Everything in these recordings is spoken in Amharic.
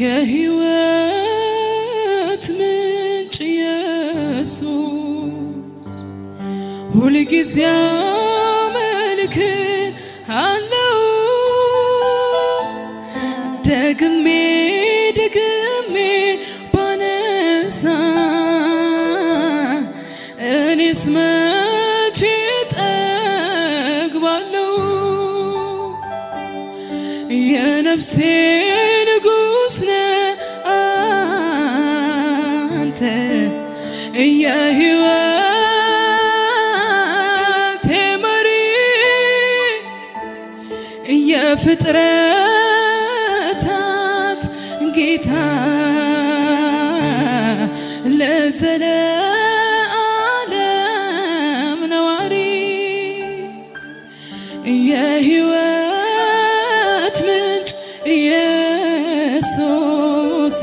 የህይወት ምንጭ ኢየሱስ ሁልጊዜያ ፍጥረታት ጌታ ለዘለዓለም ነዋሪ የህይወት ምንጭ ኢየሱስ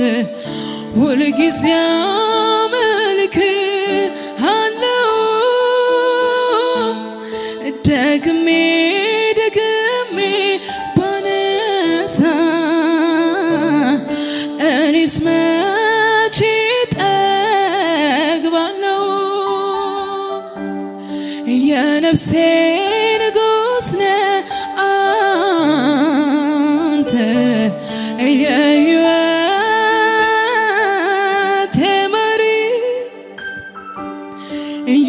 ሁልጊዜ አመልክ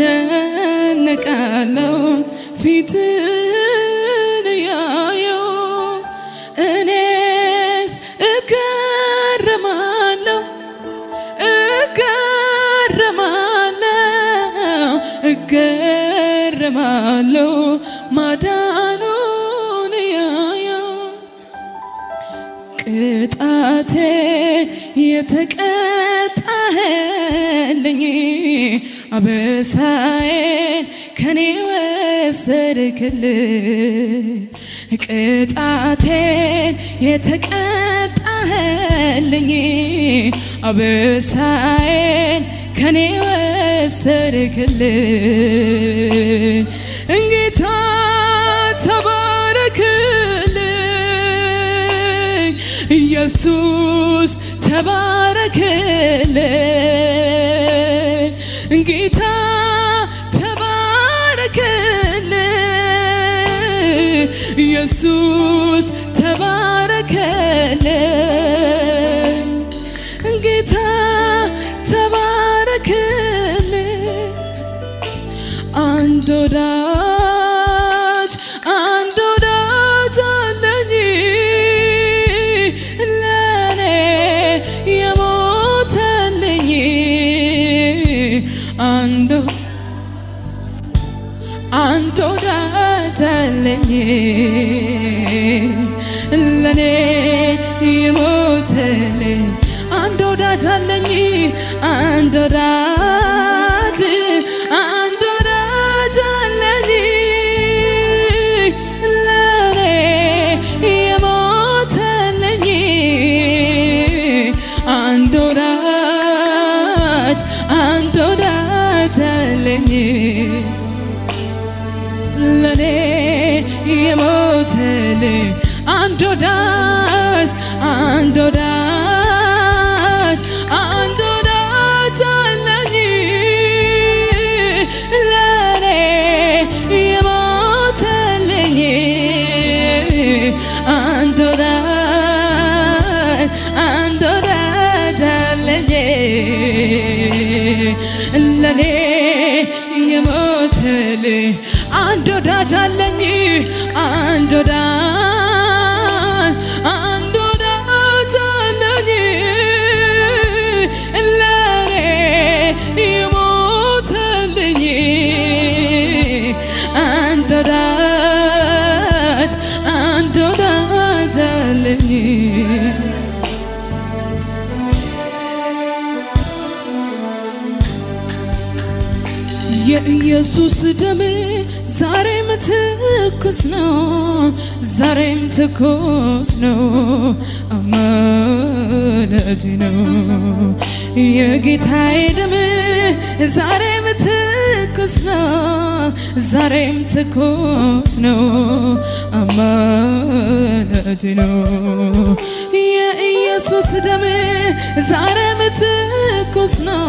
እደነቃለሁ ፊትን ያየው እኔስ እገረማለሁ እገረማለሁ እገረማለሁ ማዳኑን እያየሁ ቅጣቴን የተቀጣህልኝ አበሳዬን ከኔ ወሰድክልኝ ቅጣቴን የተቀጣህልኝ አበሳዬን ከኔ ወሰድክልኝ እንጌታ ተባረክልኝ ኢየሱስ ተባረክልኝ ጌታ ተባረክልን ኢየሱስ ነኝ ለኔ ይሞትልኝ አንድ ወዳጅ አለኝ አንድ ወዳጅ አንድ ወዳጅ አለኝ ለኔ ይሞትልኝ አንድ ወዳጅ አንድ ወዳጅ አለኝ ወዳት አንድ ወዳት አንድ ወዳት አለኝ ለኔ የሞተልኝ አንድ ወዳት አንድ ወዳት አለኝ ለኔ የሞተልኝ አንድ ወዳት አለኝ አንድ ወዳት የኢየሱስ ደም ዛሬም ትኩስ ነው፣ ዛሬም ትኩስ ነው፣ አማላጅ ነው። የጌታዬ ደም ዛሬም ትኩስ ነው፣ ዛሬም ትኩስ ነው፣ አማላጅ ነው። የኢየሱስ ደም ዛሬም ትኩስ ነው፣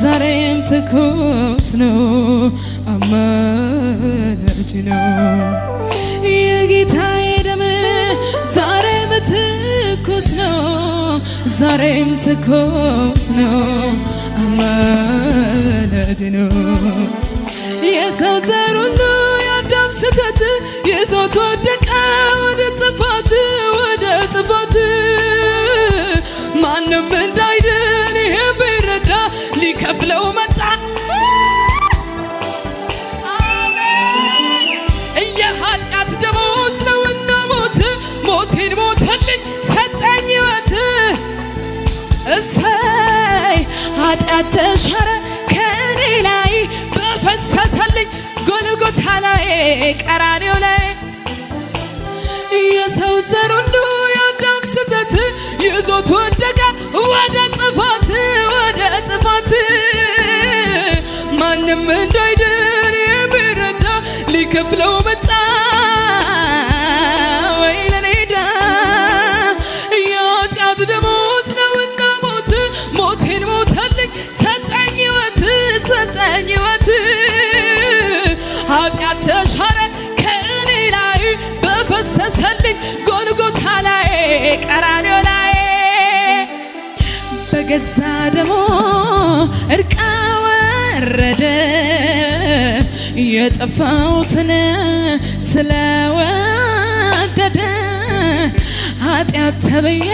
ዛሬም ትኩስ ነው፣ አማላጅ ነው። የጌታዬ ደም ዛሬም ትኩስ ነው፣ ዛሬም ትኩስ ነው፣ አማላጅ ነው። የሰው ዘር ሁሉ የአዳም ስህተት ይዞት ወደቀ ወደ ጥፋት ወደ ጥፋት ማንም እንዳይድን ይሄ ቢረዳ ሊከፍለው መጣ። የኃጢአት ደሞዝ ነውና ሞት ሞቴን ሞተልኝ ሰጠኝ ሕይወት። እሰይ ኃጢአት ተሻረ ከእኔ ላይ በፈሰሰልኝ ጎልጎታ ላይ ቀራኔው ላይ የሰው ዘር ሁሉ የአዳም ስህተት ይዞት ወደቀ። ወደ ጥፋት ወደ ጥፋት ማንም እንዳይድን የሚረዳ ሊከፍለው መጣ ወይ ለኔዳ የኃጢአት ደመወዝ ነውና ሞት ሞቴን ሞተልኝ ሰጠኝ ሰጠኝ ኃጢአት ተሻረ ከእኔ ላይ በፈሰሰልኝ ጎልጎታ ላይ ቀራንዮ ከዛ ደግሞ እርቃ ወረደ የጠፋውትን ስለወደደ ኃጢአት ተብዬ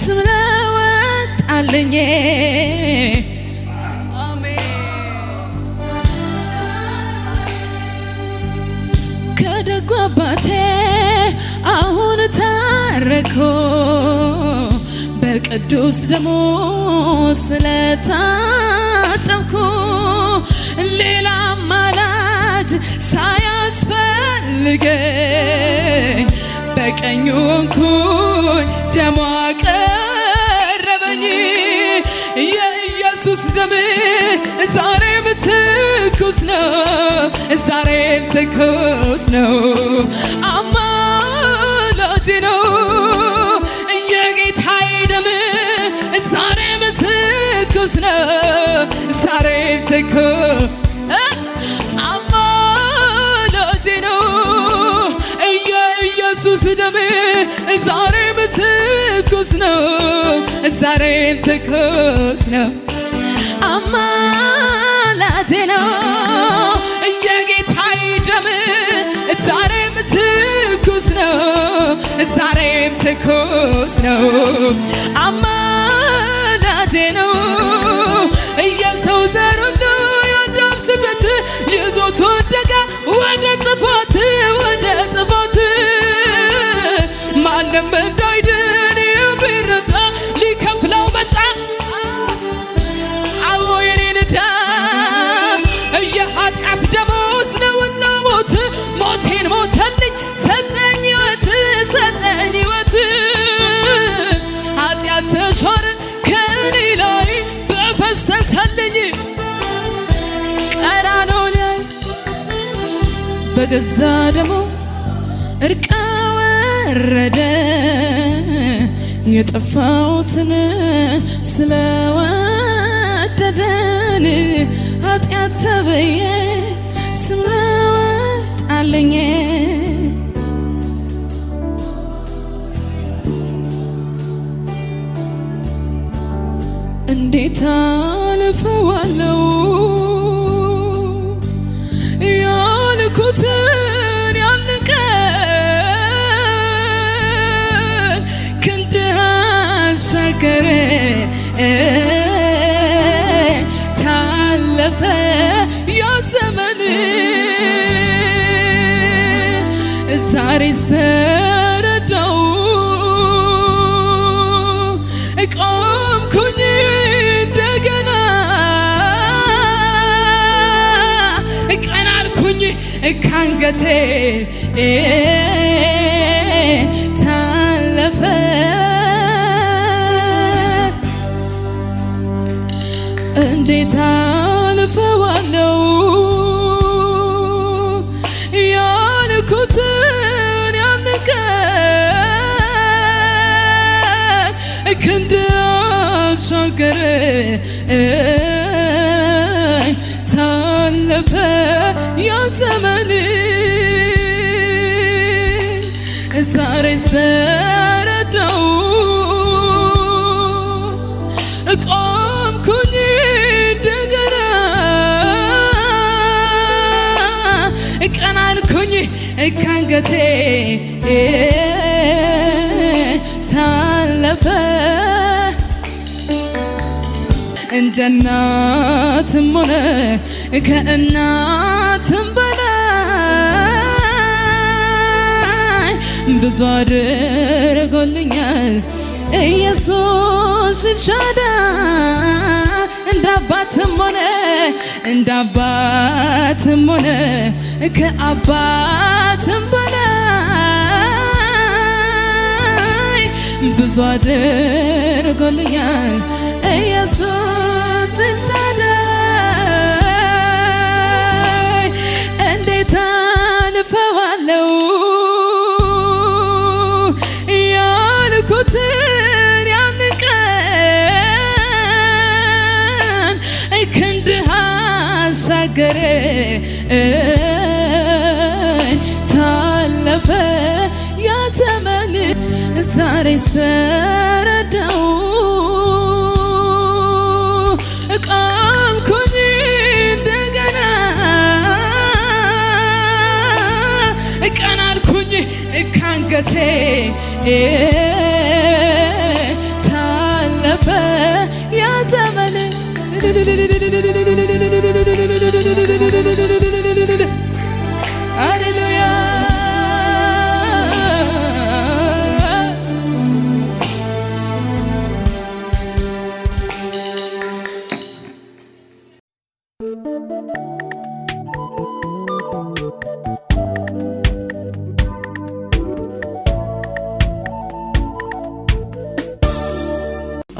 ስም ለወጣልኝ ከደጉ አባቴ አሁን ታረኮ በቅዱስ ደሙ ስለታጠብኩ ሌላ አማላጅ ሳያስፈልገኝ በቀኙ ሆንኩኝ ደሟ ቀረበኝ የኢየሱስ ደም ዛሬም ትኩስ ነው፣ ዛሬም ትኩስ ነው። ቅዱስ ነው ዛሬ ትኩ አማላጄ ነው የኢየሱስ ደሜ ዛሬም ትኩስ ነው ዛሬም ትኩስ ነው አማላጄ ነው የጌታዬ ደም ዛሬም ትኩስ ነው ዛሬም ትኩስ ነው መብቴ ነው እየሰው ዘሩ ልኝ ቀራንዮን በገዛ ደሙ እርቃ ወረደ የጠፋሁትን ስለወደደን ኃጢአት ተብዬ ስለወጣልኝ እንዴታ አልፈዋለው ያልኩትን ያንቀን ክንድ አሻገረ ሕይወቴ ታለፈ እንዴት አልፈዋለው ያልኩትን ያንቀን ክንድ አሻገረ ዛሬስ ተረዳው እቆምኩኝ እንደገና እቀናልኩኝ እካንገቴ ታለፈ እንደ እናትም ሆነ ከእናትም በ ብዙ አድርጎልኛል ኢየሱስ ኤልሻዳይ እንደ አባትም ሆነ እንደ አባትም ሆነ ከአባትም በላይ ብዙ አድርጎልኛል ኢየሱስ ኤልሻዳይ እንዴት አልፈዋለው ተሻገረ ታለፈ ያ ዘመን ዛሬስ ተረዳው እቃምኩኝ እንደገና እቀናልኩኝ ካንገቴ ታለፈ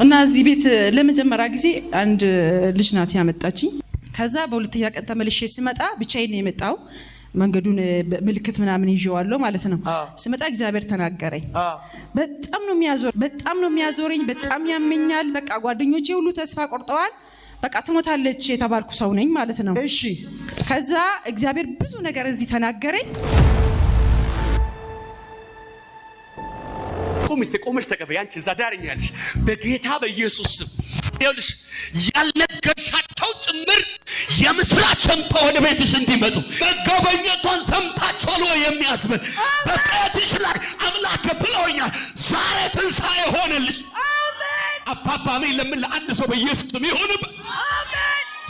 እና እዚህ ቤት ለመጀመሪያ ጊዜ አንድ ልጅ ናት ያመጣችኝ። ከዛ በሁለተኛ ቀን ተመልሼ ስመጣ ብቻዬን ነው የመጣው። መንገዱን ምልክት ምናምን ይዤዋለሁ ማለት ነው። ስመጣ እግዚአብሔር ተናገረኝ። በጣም ነው የሚያዞር በጣም ነው የሚያዞረኝ፣ በጣም ያመኛል። በቃ ጓደኞቼ ሁሉ ተስፋ ቆርጠዋል። በቃ ትሞታለች የተባልኩ ሰው ነኝ ማለት ነው። እሺ። ከዛ እግዚአብሔር ብዙ ነገር እዚህ ተናገረኝ። ቁም እስቲ ቁመሽ ተቀበይ። አንቺ እዛ ዳርኛ ያለሽ በጌታ በኢየሱስ ስም ይኸውልሽ ያልነገርሻቸው ጭምር የምስራችን ሰምተው ወደ ቤትሽ እንዲመጡ መገበኘቷን ሰምታችኋል ወይ የሚያስብል በቤትሽ ላይ አምላክ ብለውኛል። ዛሬ ትንሣኤ ሆነልሽ። አባባሜ ለምን ለአንድ ሰው በኢየሱስ ስም ይሆንበት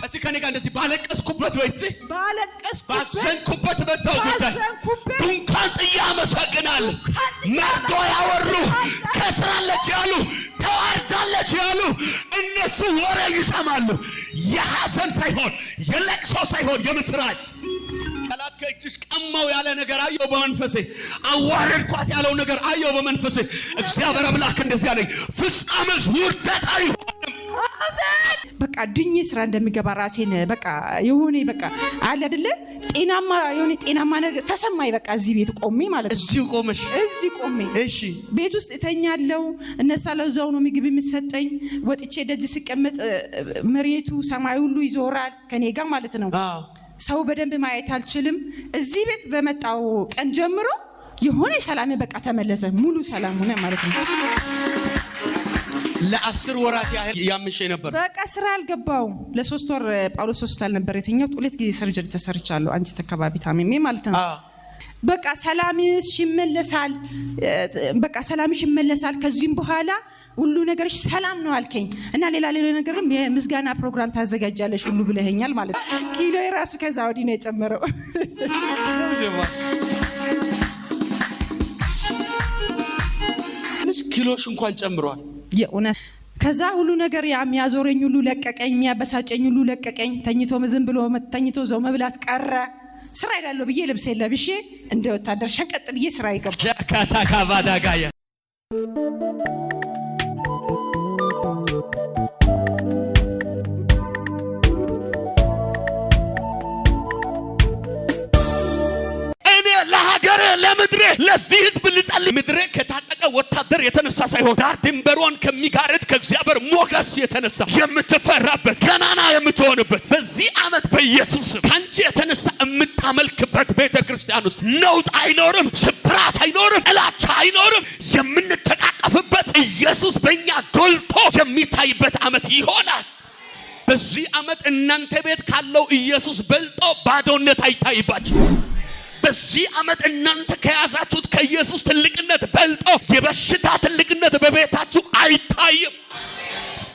እስቲ ከኔ ጋር እንደዚህ ባለቀስኩበት በዚህ ባዘንኩበት በዛው ጉዳይ ድንኳን ጥዬ አመሰግናለሁ። መርዶ ያወሩ ከስራለች ያሉ ተዋርዳለች ያሉ እነሱ ወሬ ይሰማሉ። የሐዘን ሳይሆን የለቅሶ ሳይሆን የምስራች ጠላት ከእጅሽ ቀማው ያለ ነገር አየው በመንፈሴ አዋረድኳት ያለው ነገር አየው በመንፈሴ እግዚአብሔር አምላክ እንደዚህ አለኝ፣ ፍጻሜሽ ውርደት አይሆን በቃ ድኜ ስራ እንደሚገባ ራሴን በቃ የሆነ በቃ አለ አይደለ ጤናማ የሆነ ጤናማ ነገር ተሰማኝ። በቃ እዚህ ቤት ቆሜ ማለት ነው። እዚህ ቆመሽ እዚህ ቆሜ እሺ፣ ቤት ውስጥ እተኛለሁ፣ እነሳለሁ። እዛው ነው ምግብ የምሰጠኝ። ወጥቼ ደጅ ስቀመጥ መሬቱ ሰማይ ሁሉ ይዞራል ከኔ ጋር ማለት ነው። ሰው በደንብ ማየት አልችልም። እዚህ ቤት በመጣው ቀን ጀምሮ የሆነ ሰላሜ በቃ ተመለሰ። ሙሉ ሰላም ሆነ ማለት ነው። ለአስር ወራት ያህል ያምሽ ነበር። በቃ ስራ አልገባው። ለሶስት ወር ጳውሎስ ሆስፒታል ነበር የተኛው። ሁለት ጊዜ ሰርጀሪ ተሰርቻለሁ። አንቺ ተከባቢ ታምሜ ማለት ነው። በቃ ሰላምሽ ይመለሳል፣ በቃ ሰላምሽ ይመለሳል። ከዚህም በኋላ ሁሉ ነገርሽ ሰላም ነው አልከኝ እና ሌላ ሌላ ነገርም የምስጋና ፕሮግራም ታዘጋጃለሽ ሁሉ ብለኸኛል ማለት ነው። ኪሎ የራሱ ከዛ ወዲህ ነው የጨመረው። ኪሎሽ እንኳን ጨምሯል። የእውነት ከዛ ሁሉ ነገር የሚያዞረኝ ሁሉ ለቀቀኝ፣ የሚያበሳጨኝ ሁሉ ለቀቀኝ። ተኝቶ ዝም ብሎ ተኝቶ ዘው መብላት ቀረ። ስራ ይላለሁ ብዬ ልብስ ለብሼ እንደ ወታደር ሸቀጥ ብዬ ስራ ይገባ ሻካታ ለምድሬ ለዚህ ህዝብ ልጸልይ። ምድሬ ከታጠቀ ወታደር የተነሳ ሳይሆን ዳር ድንበሯን ከሚጋርድ ከእግዚአብሔር ሞገስ የተነሳ የምትፈራበት ገናና የምትሆንበት በዚህ ዓመት በኢየሱስም ከአንቺ የተነሳ የምታመልክበት ቤተ ክርስቲያን ውስጥ ነውጥ አይኖርም፣ ስብራት አይኖርም፣ እላቻ አይኖርም። የምንተቃቀፍበት ኢየሱስ በእኛ ጎልቶ የሚታይበት ዓመት ይሆናል። በዚህ ዓመት እናንተ ቤት ካለው ኢየሱስ በልጦ ባዶነት አይታይባችሁ። በዚህ ዓመት እናንተ ከያዛችሁት ከኢየሱስ ትልቅነት በልጦ የበሽታ ትልቅነት በቤታችሁ አይታይም።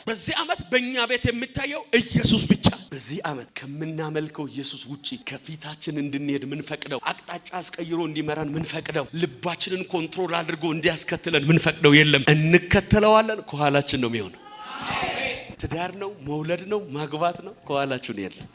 በዚህ ዓመት በእኛ ቤት የሚታየው ኢየሱስ ብቻ። በዚህ ዓመት ከምናመልከው ኢየሱስ ውጪ ከፊታችን እንድንሄድ ምንፈቅደው፣ አቅጣጫ አስቀይሮ እንዲመራን ምንፈቅደው፣ ልባችንን ኮንትሮል አድርጎ እንዲያስከትለን ምንፈቅደው የለም። እንከተለዋለን፣ ከኋላችን ነው የሚሆነው። ትዳር ነው፣ መውለድ ነው፣ ማግባት ነው፣ ከኋላችን የለም።